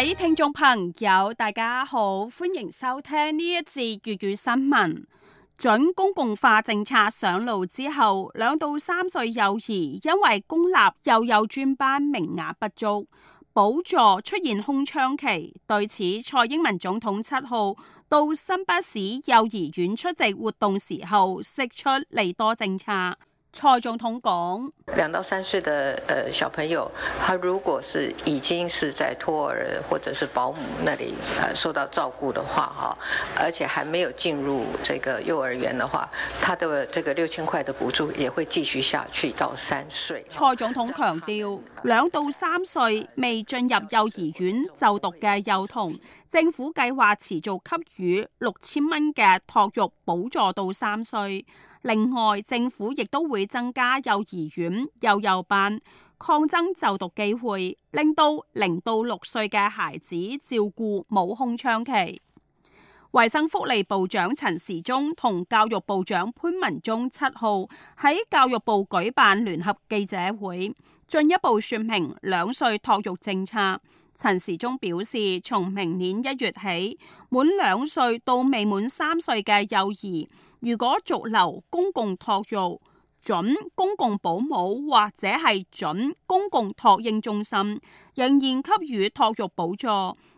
各位聽眾朋友，大家好，歡迎收聽呢一節粵語新聞。準公共化政策上路之後，兩到三歲幼兒因為公立幼幼專班名額不足，補助出現空窗期。對此，蔡英文總統七號到新北市幼兒園出席活動時候，釋出利多政策。蔡總統講：兩到三歲的誒小朋友，他如果是已經是在托兒或者是保姆那裡誒受到照顧的話，哈，而且還沒有進入這個幼兒園的話，他的這個六千塊的補助也會繼續下去到三歲。蔡總統強調，兩到三歲未進入幼兒園就讀嘅幼童，政府計劃持續給予六千蚊嘅托育補助到三歲。另外，政府亦都會增加幼兒園、幼幼班，擴增就讀機會，令到零到六歲嘅孩子照顧冇空窗期。衛生福利部長陳時中同教育部長潘文忠七號喺教育部舉辦聯合記者會，進一步說明兩歲托育政策。陳時中表示，從明年一月起，滿兩歲到未滿三歲嘅幼兒，如果續留公共托育。準公共保母或者係準公共托嬰中心，仍然給予托育補助，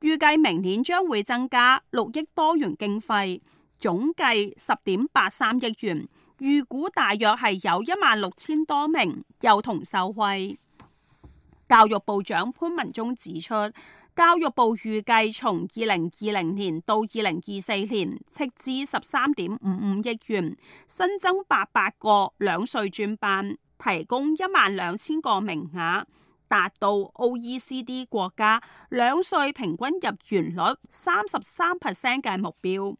預計明年將會增加六億多元經費，總計十點八三億元，預估大約係有一萬六千多名幼童受惠。教育部長潘文忠指出，教育部預計從二零二零年到二零二四年斥資十三點五五億元，新增八百個兩歲專班，提供一萬兩千個名額，達到 OECD 國家兩歲平均入園率三十三 percent 嘅目標。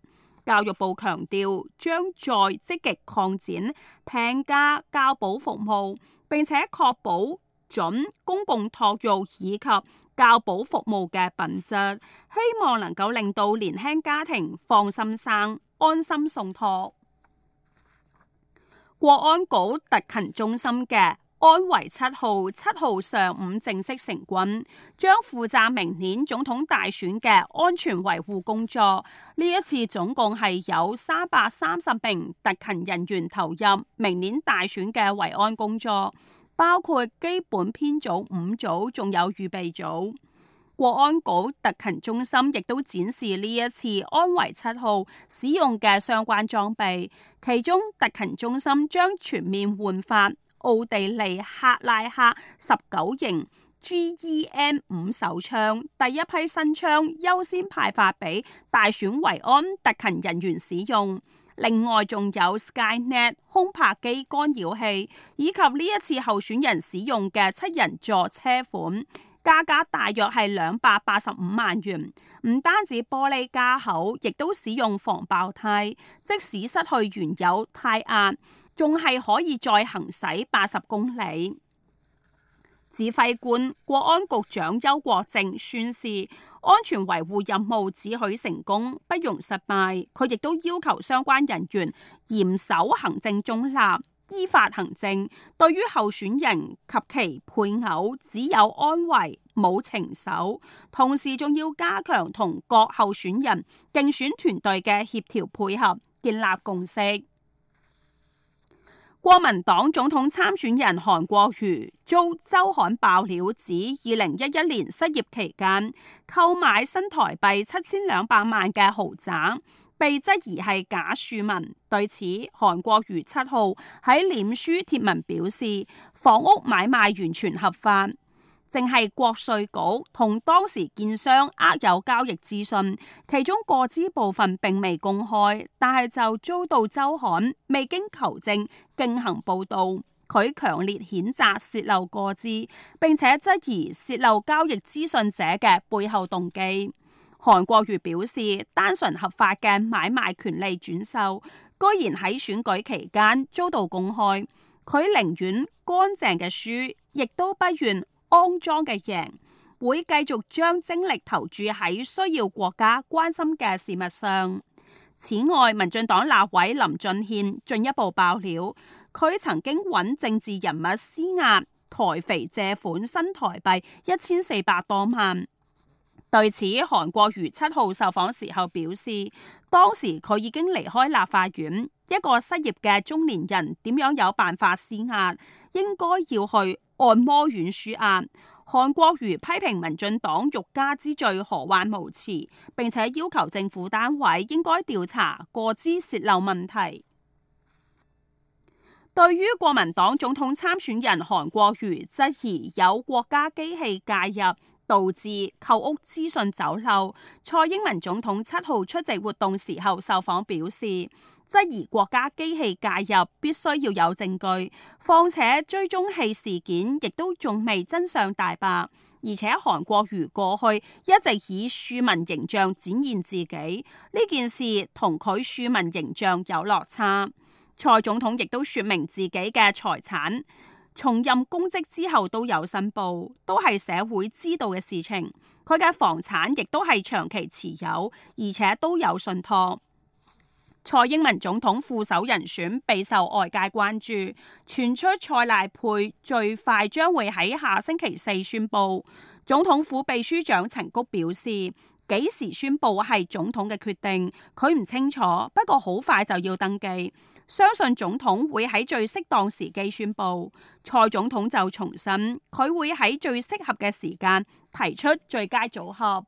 教育部強調，將再積極擴展平價教保服務，並且確保，準公共托育以及教保服務嘅品質，希望能夠令到年輕家庭放心生、安心送托。國安局特勤中心嘅安維七號七號上午正式成軍，將負責明年總統大選嘅安全維護工作。呢一次總共係有三百三十名特勤人員投入明年大選嘅維安工作。包括基本編組、五組，仲有預備組。國安局特勤中心亦都展示呢一次安維七號使用嘅相關裝備，其中特勤中心將全面換發奧地利克拉克十九型 Gen 五手槍，第一批新槍優先派發俾大選維安特勤人員使用。另外仲有 SkyNet 空拍機干擾器，以及呢一次候選人使用嘅七人座車款，價格大約係兩百八十五萬元。唔單止玻璃加厚，亦都使用防爆胎，即使失去原有胎壓，仲係可以再行駛八十公里。指揮官、國安局長邱國正宣示，安全維護任務只許成功，不容失敗。佢亦都要求相關人員嚴守行政中立、依法行政。對於候選人及其配偶，只有安維，冇情蒐。同時，仲要加強同各候選人競選團隊嘅協調配合，建立共識。國民黨總統參選人韓國瑜遭週刊爆料指，二零一一年失業期間購買新台幣七千兩百萬嘅豪宅，被質疑係假庶民。對此，韓國瑜七號喺臉書貼文表示，房屋買賣完全合法。淨係國稅局同當時建商握有交易資訊，其中個資部分並未公開，但係就遭到周刊未經求證徑行報道。佢強烈譴責洩漏個資，並且質疑洩漏交易資訊者嘅背後動機。韓國瑜表示，單純合法嘅買賣權利轉售，居然喺選舉期間遭到公開。佢寧願乾淨嘅輸，亦都不願。安裝嘅人會繼續將精力投注喺需要國家關心嘅事物上。此外，民進黨立委林俊憲進一步爆料，佢曾經揾政治人物施壓台肥借款新台幣一千四百多萬。對此，韓國瑜七號受訪時候表示，當時佢已經離開立法院。一個失業嘅中年人點樣有辦法舒壓？應該要去按摩院舒壓。韓國瑜批評民進黨欲加之罪何患無辭，並且要求政府單位應該調查個資洩漏問題。對於國民黨總統參選人韓國瑜質疑有國家機器介入，導致購屋資訊走漏，蔡英文總統七號出席活動時候受訪表示，質疑國家機器介入必須要有證據，況且追蹤器事件亦都仲未真相大白，而且韓國瑜過去一直以庶民形象展現自己，呢件事同佢庶民形象有落差。蔡總統亦都説明自己嘅財產，重任公職之後都有申報，都係社會知道嘅事情。佢嘅房產亦都係長期持有，而且都有信託。蔡英文總統副手人選備受外界關注，傳出蔡賴配最快將會喺下星期四宣布。總統府秘書長陳菊表示。幾時宣布係總統嘅決定，佢唔清楚。不過好快就要登記，相信總統會喺最適當時機宣布。蔡總統就重申，佢會喺最適合嘅時間提出最佳組合。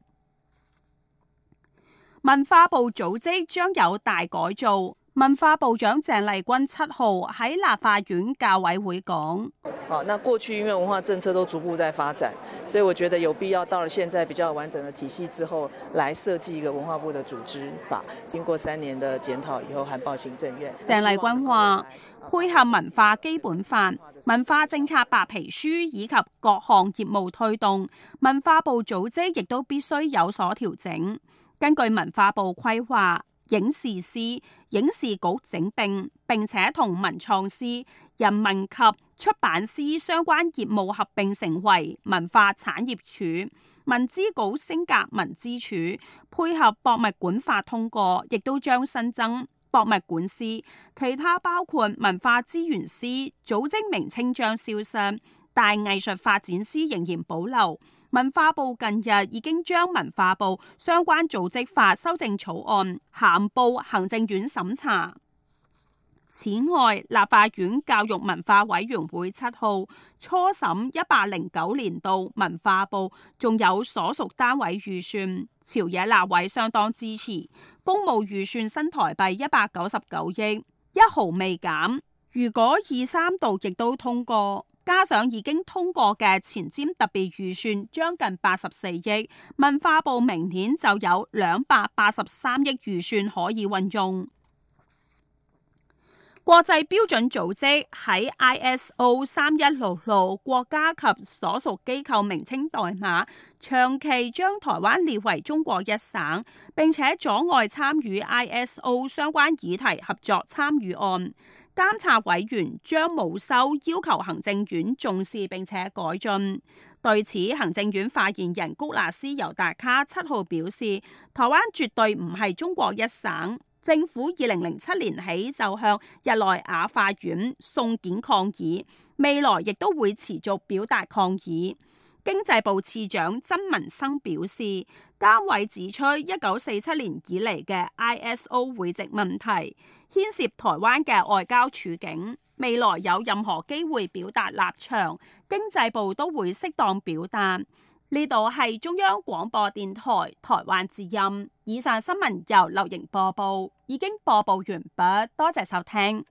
文化部組織將有大改造。文化部長鄭麗君七號喺立法院教委會講：，好，那過去因為文化政策都逐步在發展，所以我覺得有必要到了現在比較完整的體系之後，來設計一個文化部的組織法。經過三年的檢討以後，還報行政院。鄭麗君話：配合文化基本法、文化政策白皮書以及各項業務推動，文化部組織亦都必須有所調整。根據文化部規劃。影視司、影視局整併，並且同文創司、人民及出版司相關業務合併，成為文化產業署。文資局升格文資處，配合博物館法通過，亦都將新增博物館司。其他包括文化資源司組織名稱將消失。大藝術發展司仍然保留，文化部近日已經將文化部相關組織法修正草案函報行政院審查。此外，立法院教育文化委員會七號初審一百零九年度文化部仲有所屬單位預算，朝野立委相當支持公務預算新台幣一百九十九億一毫未減，如果二三度亦都通過。加上已經通過嘅前瞻特別預算將近八十四億，文化部明年就有兩百八十三億預算可以運用。國際標準組織喺 ISO 三一六六國家及所屬機構名稱代碼，長期將台灣列為中國一省，並且阻礙參與 ISO 相關議題合作參與案。監察委員張武修要求行政院重視並且改進。對此，行政院發言人谷娜斯尤達卡七號表示，台灣絕對唔係中國一省。政府二零零七年起就向日內瓦法院送件抗議，未來亦都會持續表達抗議。經濟部次長曾文生表示，監委指出一九四七年以嚟嘅 ISO 會籍問題牽涉台灣嘅外交處境，未來有任何機會表達立場，經濟部都會適當表達。呢度係中央廣播電台台灣之音，以上新聞由劉瑩播報，已經播報完畢，多謝收聽。